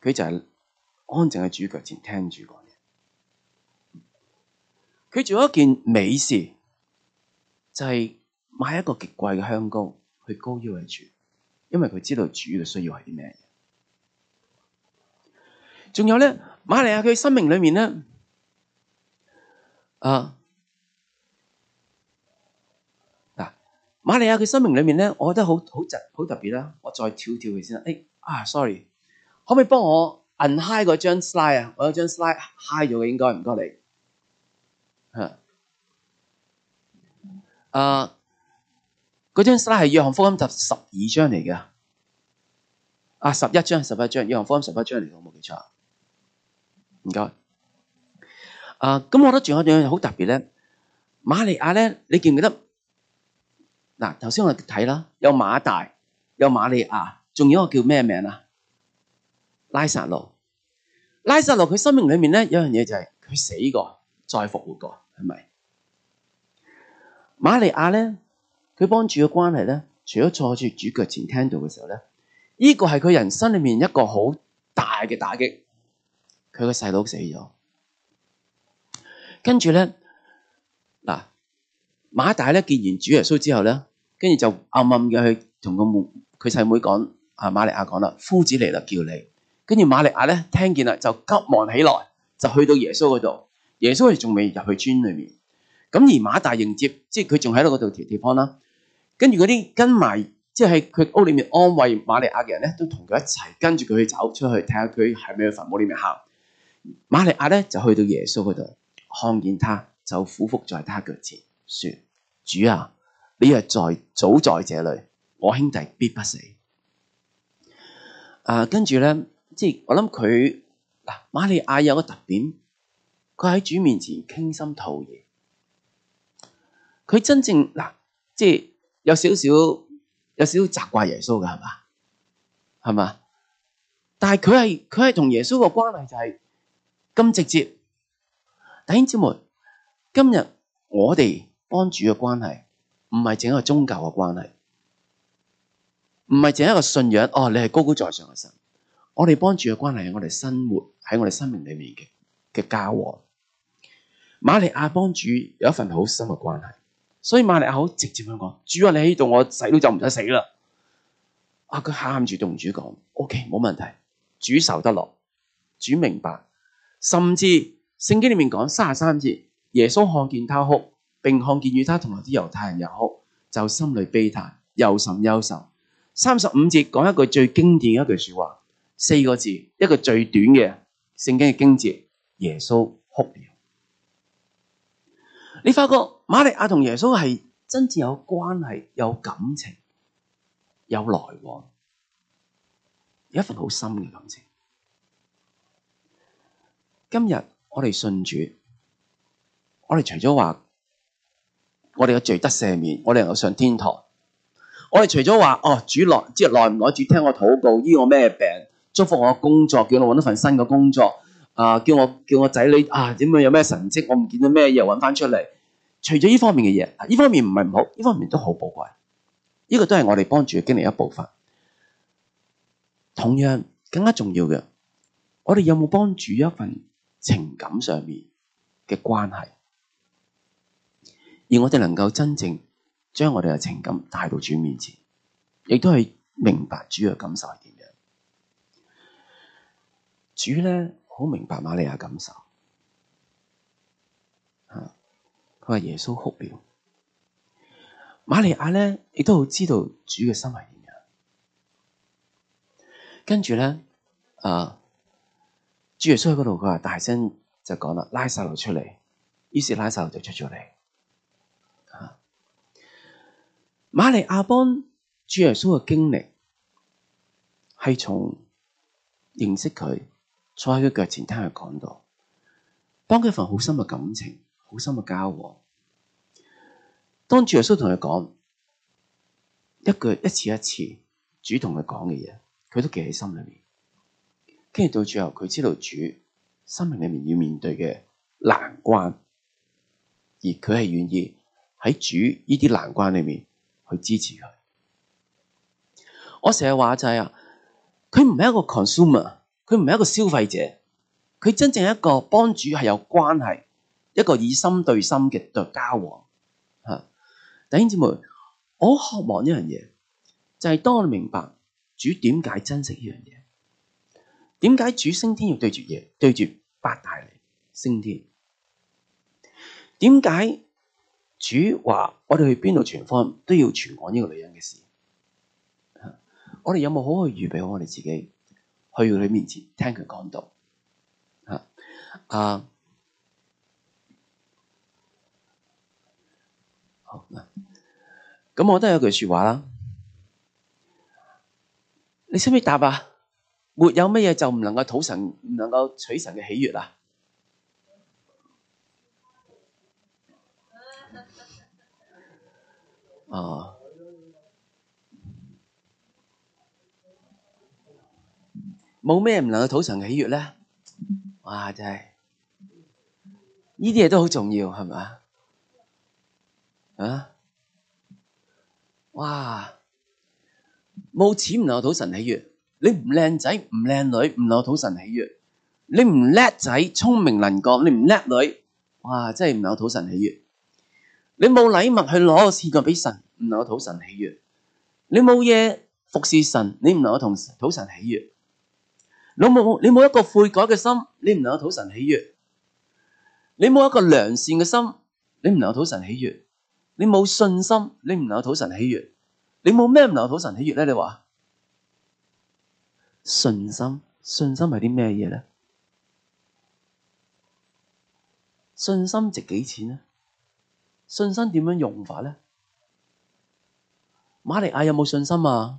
佢就係安靜喺主腳前聽主講嘢。佢做了一件美事，就係、是、買一個極貴嘅香膏去膏於為主，因為佢知道主嘅需要係啲咩。仲有咧，瑪麗亞佢生命裏面呢。啊。瑪利亞佢生命裏面呢，我覺得好好特好特別啦。我再跳跳佢先。誒、哎、啊，sorry，可唔可以幫我 unhide 嗰張 slide 啊？我有張 slide hide 咗嘅，應該唔該你。吓，啊，嗰張 slide 係約翰福音集十二章嚟嘅。啊，十一章，十一章，約翰福音十一章嚟，我冇記錯。唔該。啊，咁我覺得仲有樣嘢好特別呢，瑪利亞呢，你記唔記得？嗱，頭先我哋睇啦，有馬大，有瑪利亞，仲有一個叫咩名啊？拉撒路，拉撒路佢生命裏面咧，有樣嘢就係佢死過再復活過，係咪？瑪利亞呢，佢幫助嘅關係呢，除咗坐住主腳前聽到嘅時候呢，呢、這個係佢人生裏面一個好大嘅打擊，佢個細佬死咗，跟住呢，嗱，馬大呢，見完主耶穌之後呢。跟住就暗暗嘅去同個妹佢細妹講，啊瑪利亞講啦，夫子嚟啦，叫你。跟住瑪利亞咧聽見啦，就急忙起來，就去到耶穌嗰度。耶穌佢仲未入去村裏面，咁而馬大迎接，即係佢仲喺度嗰度條地方啦。調調調跟住嗰啲跟埋，即係佢屋裏面安慰瑪利亞嘅人咧，都同佢一齊跟住佢去走出去，睇下佢係咪去墳墓裏面喊。瑪利亞咧就去到耶穌嗰度，看見他，就俯伏在他腳前說：主啊！你若早在這裏，我兄弟必不死。啊、跟住呢，即係我諗佢，嗱，瑪利亞有個特點，佢喺主面前傾心吐意，佢真正嗱、啊，即係有少少有少少責怪耶穌嘅，係嘛，係嘛？但係佢係佢係同耶穌嘅關係就係咁直接。弟兄姊、姊妹，今日我哋幫主嘅關係，唔係淨一個宗教嘅關係，唔係淨一個信仰。哦，你係高高在上嘅神，我哋幫主嘅關係係我哋生活喺我哋生命裏面嘅嘅交往。瑪利亞幫主有一份好深嘅關係，所以瑪利亞好直接咁講：主啊，你喺度，我死都就唔得死啦！啊，佢喊住同主講：OK，冇問題，主受得落，主明白。甚至聖經裏面講三十三節，耶穌看見他哭。並看見與他同來啲猶太人也哭，就心裏悲嘆，又甚憂愁。三十五節講一句最經典嘅一句說話，四個字，一個最短嘅聖經嘅經節。耶穌哭了。你發覺瑪利亞同耶穌係真正有關係、有感情、有來往，有一份好深嘅感情。今日我哋信主，我哋除咗話。我哋嘅罪得赦免，我哋能夠上天堂。我哋除咗話哦，主來即係來唔來，主聽我禱告，醫我咩病，祈福祝福我的工作，叫我找的工作，呃叫我，叫我搵到份新嘅工作啊！叫我叫我仔女啊，點樣有咩神蹟？我唔見到咩嘢揾翻，出嚟。主持除咗呢方面嘅嘢，呢方面唔係唔好，呢方面都好寶貴。呢個都係我哋幫助嘅經歷一部分。同樣更加重要嘅，我哋有冇幫助一份情感上面嘅關係？而我哋能夠真正將我哋嘅情感帶到主面前，亦都係明白主嘅感受係點樣。主呢，好明白瑪利亞感受，佢、啊、話耶穌哭了，瑪利亞呢亦都好知道主嘅心係點樣。跟住呢，啊，主耶穌喺嗰度，佢話大聲就講啦，拉撒路出嚟，於是拉撒路就出咗嚟。馬利亞幫主耶穌嘅經歷，係從認識佢坐喺佢腳前聽佢講到，幫佢一份好深嘅感情、好深嘅交往。當主耶穌同佢講一句，一次一次主同佢講嘅嘢，佢都記喺心裏面。跟住到最後，佢知道主生命裏面要面對嘅難關，而佢係願意喺主呢啲難關裏面去支持佢，我成日話就係、是、啊，佢唔係一個 consumer，佢唔係一個消費者，佢真正係一個幫主係有關係，一個以心對心嘅交往吓。弟兄姊妹，我好渴望呢樣嘢，就係、是、當你明白主點解珍惜呢樣嘢，點解主升天要對住嘢，對住八大嚟升天，點解？主話：我哋去邊度傳福音，都要傳講呢個女人嘅事。啊、我哋有冇好好預備好我哋自己去佢面前聽佢講道？吓啊，好嗱，咁我都有句說話啦。你識唔識答啊？沒有乜嘢就唔能夠討神，唔能夠取神嘅喜悅啊！哦，冇咩唔能夠討神喜悦呢？哇！真係呢啲嘢都好重要，係咪？啊？哇！冇錢唔能夠討神喜悦，你唔靚仔唔靚女唔能夠討神喜悦，你唔叻仔聰明能幹你唔叻女，哇！真係唔能夠討神喜悦。你冇禮物去攞個賜物畀神，唔能夠討神喜悦；你冇嘢服侍神，你唔能夠同討神喜悦。你冇你冇一個悔改嘅心，你唔能夠討神喜悦。你冇一個良善嘅心，你唔能夠討神喜悦。你冇信心，你唔能夠討神喜悦。你冇咩唔能夠討神喜悦咧？你話信心，信心係啲咩嘢咧？信心值幾錢咧？信心點樣用法咧？瑪利亞有冇信心啊？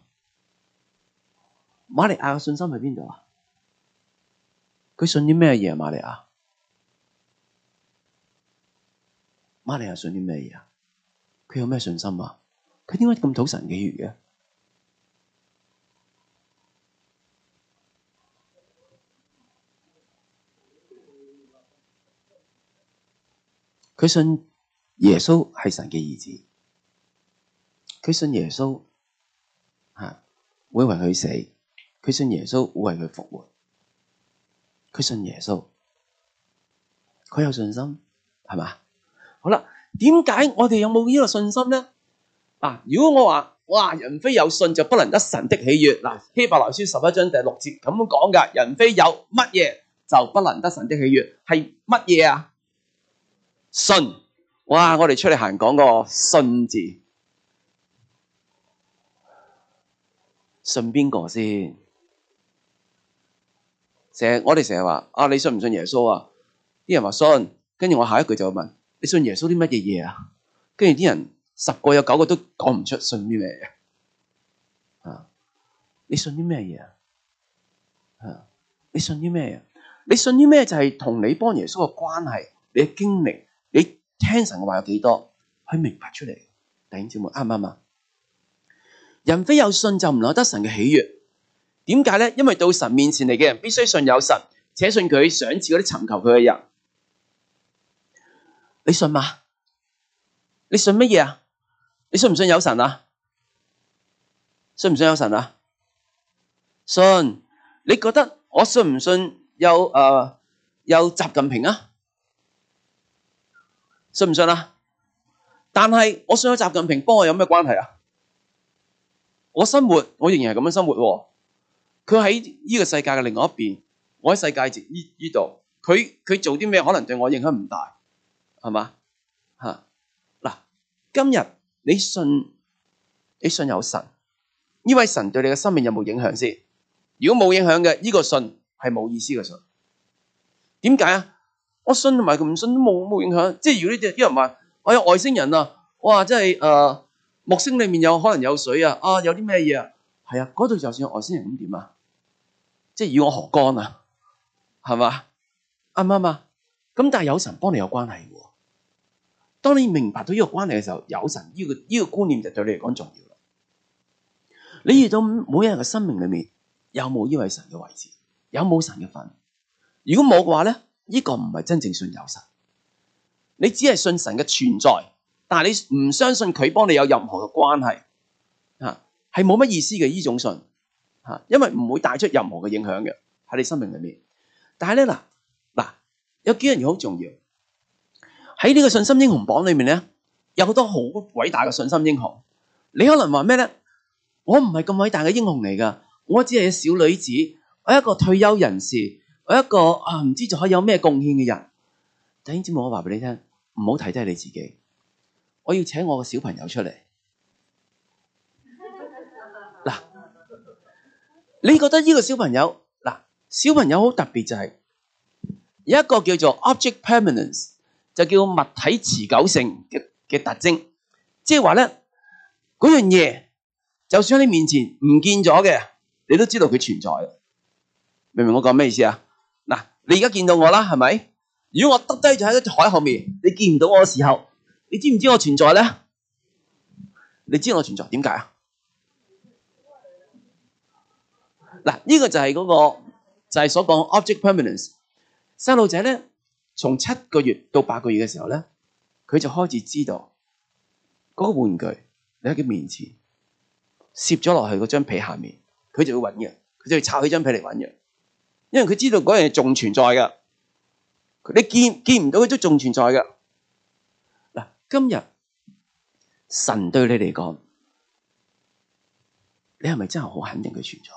瑪利亞嘅信心喺邊度啊？佢信啲咩嘢啊？瑪利亞，瑪利亞信啲咩嘢啊？佢有咩信心啊？佢點解咁討神嘅悅嘅？佢信。耶穌係神嘅兒子，佢信耶穌吓，會為佢死；佢信耶穌會為佢復活，佢信耶穌，佢有信心，係嘛？好啦，點解我哋有冇呢個信心呢？嗱、啊，如果我話哇，人非有信就不能得神的喜悦，嗱，希伯來書十一章第六節咁講噶，人非有乜嘢就不能得神的喜悦，係乜嘢啊？信。哇！我哋出嚟行講個信字，信邊個先？成我哋成日話啊，你信唔信耶穌啊？啲人話信，跟住我下一句就會問你信耶穌啲乜嘢嘢啊？跟住啲人十個有九個都講唔出信啲咩嘢啊！你信啲咩嘢啊？啊！你信啲咩啊？你信啲咩就係同你幫耶穌嘅關係，你嘅經歷，你。聽神嘅話有幾多，可以明白出嚟。弟兄姊妹啱唔啱啊？對。對，人非有信就唔攞得神嘅喜悅。點解呢？因為到神面前嚟嘅人必須信有神，且信佢賞賜嗰啲尋求佢嘅人。你信嘛？你信乜嘢啊？你信唔信有神啊？信唔信有神啊？信。你覺得我信唔信有誒、呃、有習近平啊？信唔信啊？但係我信咗習近平，幫我有咩關係啊？我生活我仍然係咁樣生活的。佢喺呢個世界嘅另外一邊，我喺世界值呢呢度。佢佢做啲咩可能對我影響唔大，係嘛吓？嗱，今日你信你信有神，呢位神對你嘅生命有冇影響先？如果冇影響嘅，呢、這個信係冇意思嘅信。點解啊？我信同埋唔信都冇影響，即係如果啲人話，我有外星人啊，哇，真係誒木星裏面有可能有水啊，啊有啲咩嘢啊？係啊嗰度就算有外星人咁點啊，即係與我何干啊，係嘛，啱唔啱？咁但係有神幫你有關係喎，當你明白到呢個關係嘅時候，有神呢個呢個觀念就對你嚟講重要啦。你遇到每一個人嘅生命裏面有冇呢位神嘅位置，有冇神嘅份？如果冇嘅話咧？呢個唔係真正信有神，你只係信神嘅存在，但係你唔相信佢幫你有任何嘅關係，吓，係冇乜意思嘅呢種信，吓，因為唔會帶出任何嘅影響嘅喺你生命裏面。但係呢，嗱，嗱有幾樣嘢好重要喺呢個信心英雄榜裏面呢，有好多好偉大嘅信心英雄。你可能話咩呢？我唔係咁偉大嘅英雄嚟㗎，我只係一小女子，我一個退休人士。我一個啊，唔知仲可以有咩貢獻嘅人，頂知冇，我話畀你聽，唔好睇低你自己。我要請我小 個小朋友出嚟。嗱，你覺得呢個小朋友嗱，小朋友好特別就係、是、有一個叫做 object permanence，就叫物體持久性嘅嘅特徵，即係話咧嗰樣嘢，就算喺你面前唔見咗嘅，你都知道佢存在嘅，明唔明我講咩意思啊？你而家見到我啦，係咪？如果我得低就喺一海後面，你見唔到我嘅時候，你知唔知我存在呢？你知道我存在，點解啊？嗱，呢、這個就係嗰、那個就係、是、所講 object permanence。細路仔呢，從七個月到八個月嘅時候呢，佢就開始知道嗰個玩具你喺佢面前攝咗落去嗰張被下面，佢就會揾嘅，佢就會抄起張被嚟揾嘅。因為佢知道嗰樣嘢仲存在噶，你見見唔到佢都仲存在噶。今日神對你嚟講，你係咪真係好肯定佢存在？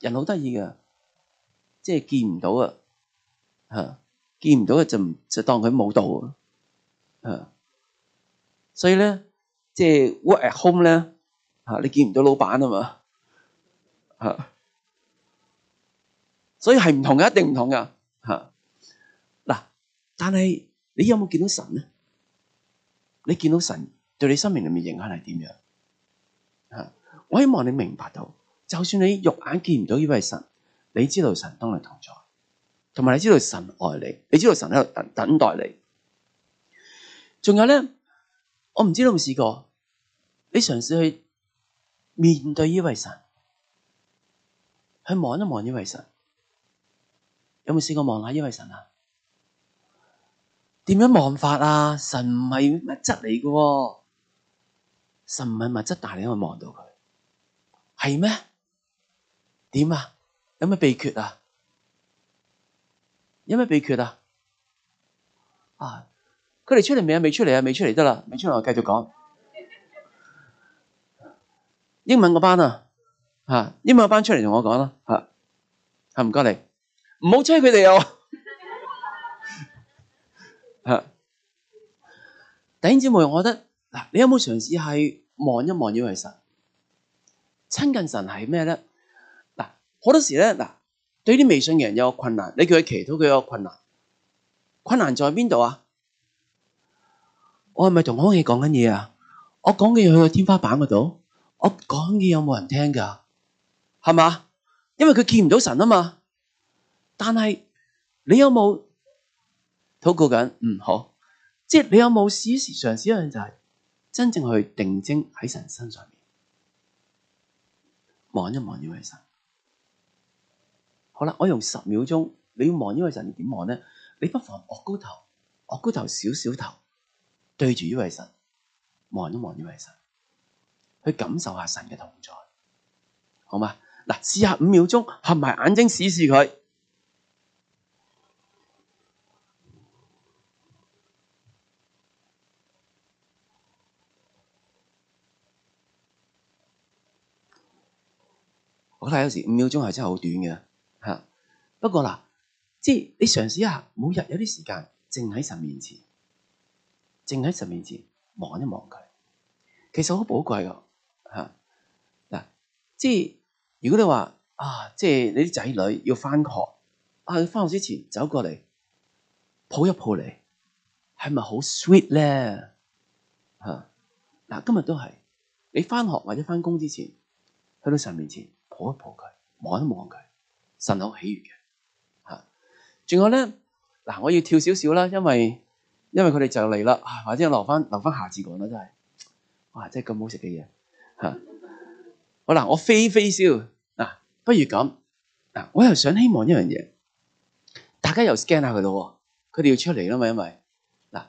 人好得意噶，即係見唔到啊，吓見唔到嘅就就當佢冇到啊，所以呢，即係 work at home 咧，啊，你見唔到老闆啊嘛，所以係唔同嘅，一定唔同噶吓。嗱、嗯，但係你有冇見到神呢？你見到神對你生命裏面的影響係點樣？吓、嗯，我希望你明白到，就算你肉眼見唔到依位神，你知道神當你同在，同埋你知道神愛你，你知道神喺度等等待你。仲有呢，我唔知道你有冇試過，你嘗試去面對依位神，去望一望依位神。有冇試過望下因為神啊？點樣望法啊？神唔係物質嚟嘅，神唔係物質，但係你可以望到佢，係咩？點啊？有咩秘訣啊？有咩秘訣啊？啊！佢哋出嚟未啊？未出嚟啊？未出嚟得啦，未出嚟我繼續講。英文個班啊，吓、啊、英文個班出嚟同我講啦，吓吓唔該你。唔好吹佢哋哦、 啊。吓，弟兄姊妹，我覺得嗱，你有冇嘗試係望一望呢位神？親近神係咩咧？嗱、啊，好多時咧，嗱、啊，對啲未信嘅人有個困難，你叫佢祈禱，佢有個困難。困難在邊度啊？我係咪同空氣講緊嘢啊？我講嘅嘢去到天花板嗰度，我講嘅嘢有冇人聽噶？係嘛？因為佢見唔到神啊嘛。但係你有冇禱告緊？嗯，好，即係你有冇試試嘗試一樣嘢，就係真正去定睛喺神身上面，望一望呢位神。好啦，我用十秒鐘，你要望呢位神點望呢？你不妨昂高頭，昂高頭少少頭，對住呢位神望一望呢位神，去感受下神嘅同在，好嘛？嗱，試下五秒鐘，合埋眼睛試試佢。我睇有時五秒鐘係真係好短嘅嚇，不過嗱，即係你嘗試一下，每日有啲時間靜喺神面前，靜喺神面前望一望佢，其實好寶貴嘅嚇。嗱，即係如果你話啊，即係你啲仔女要返學，啊，返學之前走過嚟抱一抱嚟，係咪好 sweet 咧嚇？嗱，今日都係你返學或者返工之前去到神面前。抱一抱佢，望一望佢，神好喜悅嘅吓。仲有咧，嗱，我要跳少少啦，因為因為佢哋就嚟啦，或者留翻留翻下次講啦，真係哇，真係咁好食嘅嘢吓。好啦，我飛飛燒嗱，不如咁嗱，我又想希望一樣嘢，大家又 scan 下佢咯喎，佢哋要出嚟啦嘛，因為嗱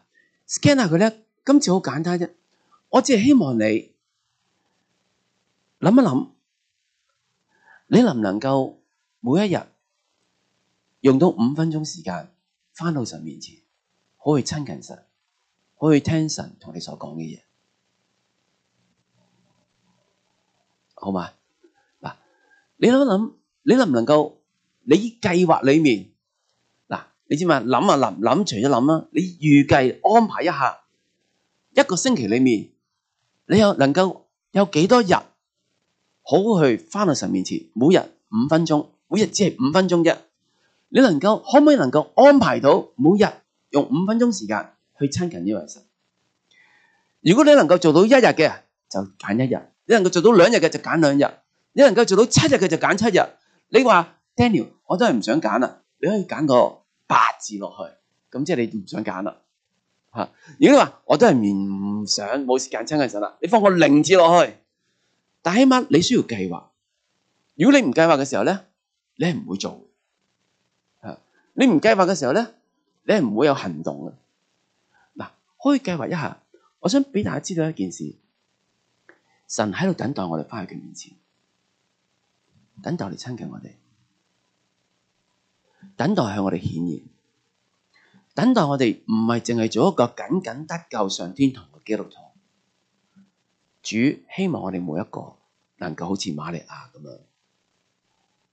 scan 下佢咧，今次好簡單啫，我只係希望你諗一諗。你能不能夠每一日用到五分鐘時間返到神面前，可以親近神，可以聽神同你所講嘅嘢，好嘛？嗱，你諗一諗，你能不能夠你計劃裏面，嗱，你知嘛？諗啊諗，諗除咗諗啦，你預計安排一下，一個星期裏面，你有能夠有幾多日？好，好去返到神面前，每日五分鐘，每日只係五分鐘啫。你能夠可唔可以能夠安排到每日用五分鐘時間去親近呢位神？如果你能夠做到一日嘅，就揀一日；你能夠做到兩日嘅，就揀兩日；你能夠做到七日嘅，就揀七日。你話 Daniel，我真係唔想揀啦，你可以揀個八字落去，咁即係你唔想揀啦、啊、如果你話我真係唔想冇時間親近神啦，你放個零字落去。但起碼你需要計劃。如果你唔計劃嘅時候咧，你係唔會做。吓，你唔計劃嘅時候咧，你係唔會有行動嘅。嗱，可以計劃一下。我想俾大家知道一件事：神喺度等待我哋翻去佢面前，等待嚟親近我哋，等待向我哋顯現，等待我哋唔係淨係做一個僅僅得救上天堂嘅基督徒。主希望我哋每一個能夠好似瑪利亞咁樣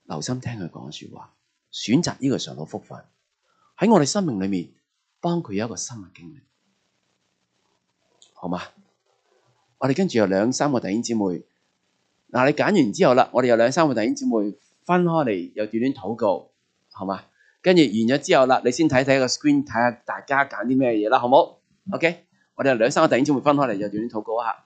留心聽佢講嘅說話，選擇呢個上主福分喺我哋生命裏面幫佢有一個新嘅經歷，好嘛？我哋跟住有兩三個弟兄姊妹，嗱，你揀完之後啦，我哋有兩三個弟兄姊妹分開嚟有短短禱告，好嘛？跟住完咗之後啦，你先睇睇個 screen，睇下大家揀啲咩嘢啦，好冇？OK，我哋有兩三個弟兄姊妹分開嚟有短短禱告一下。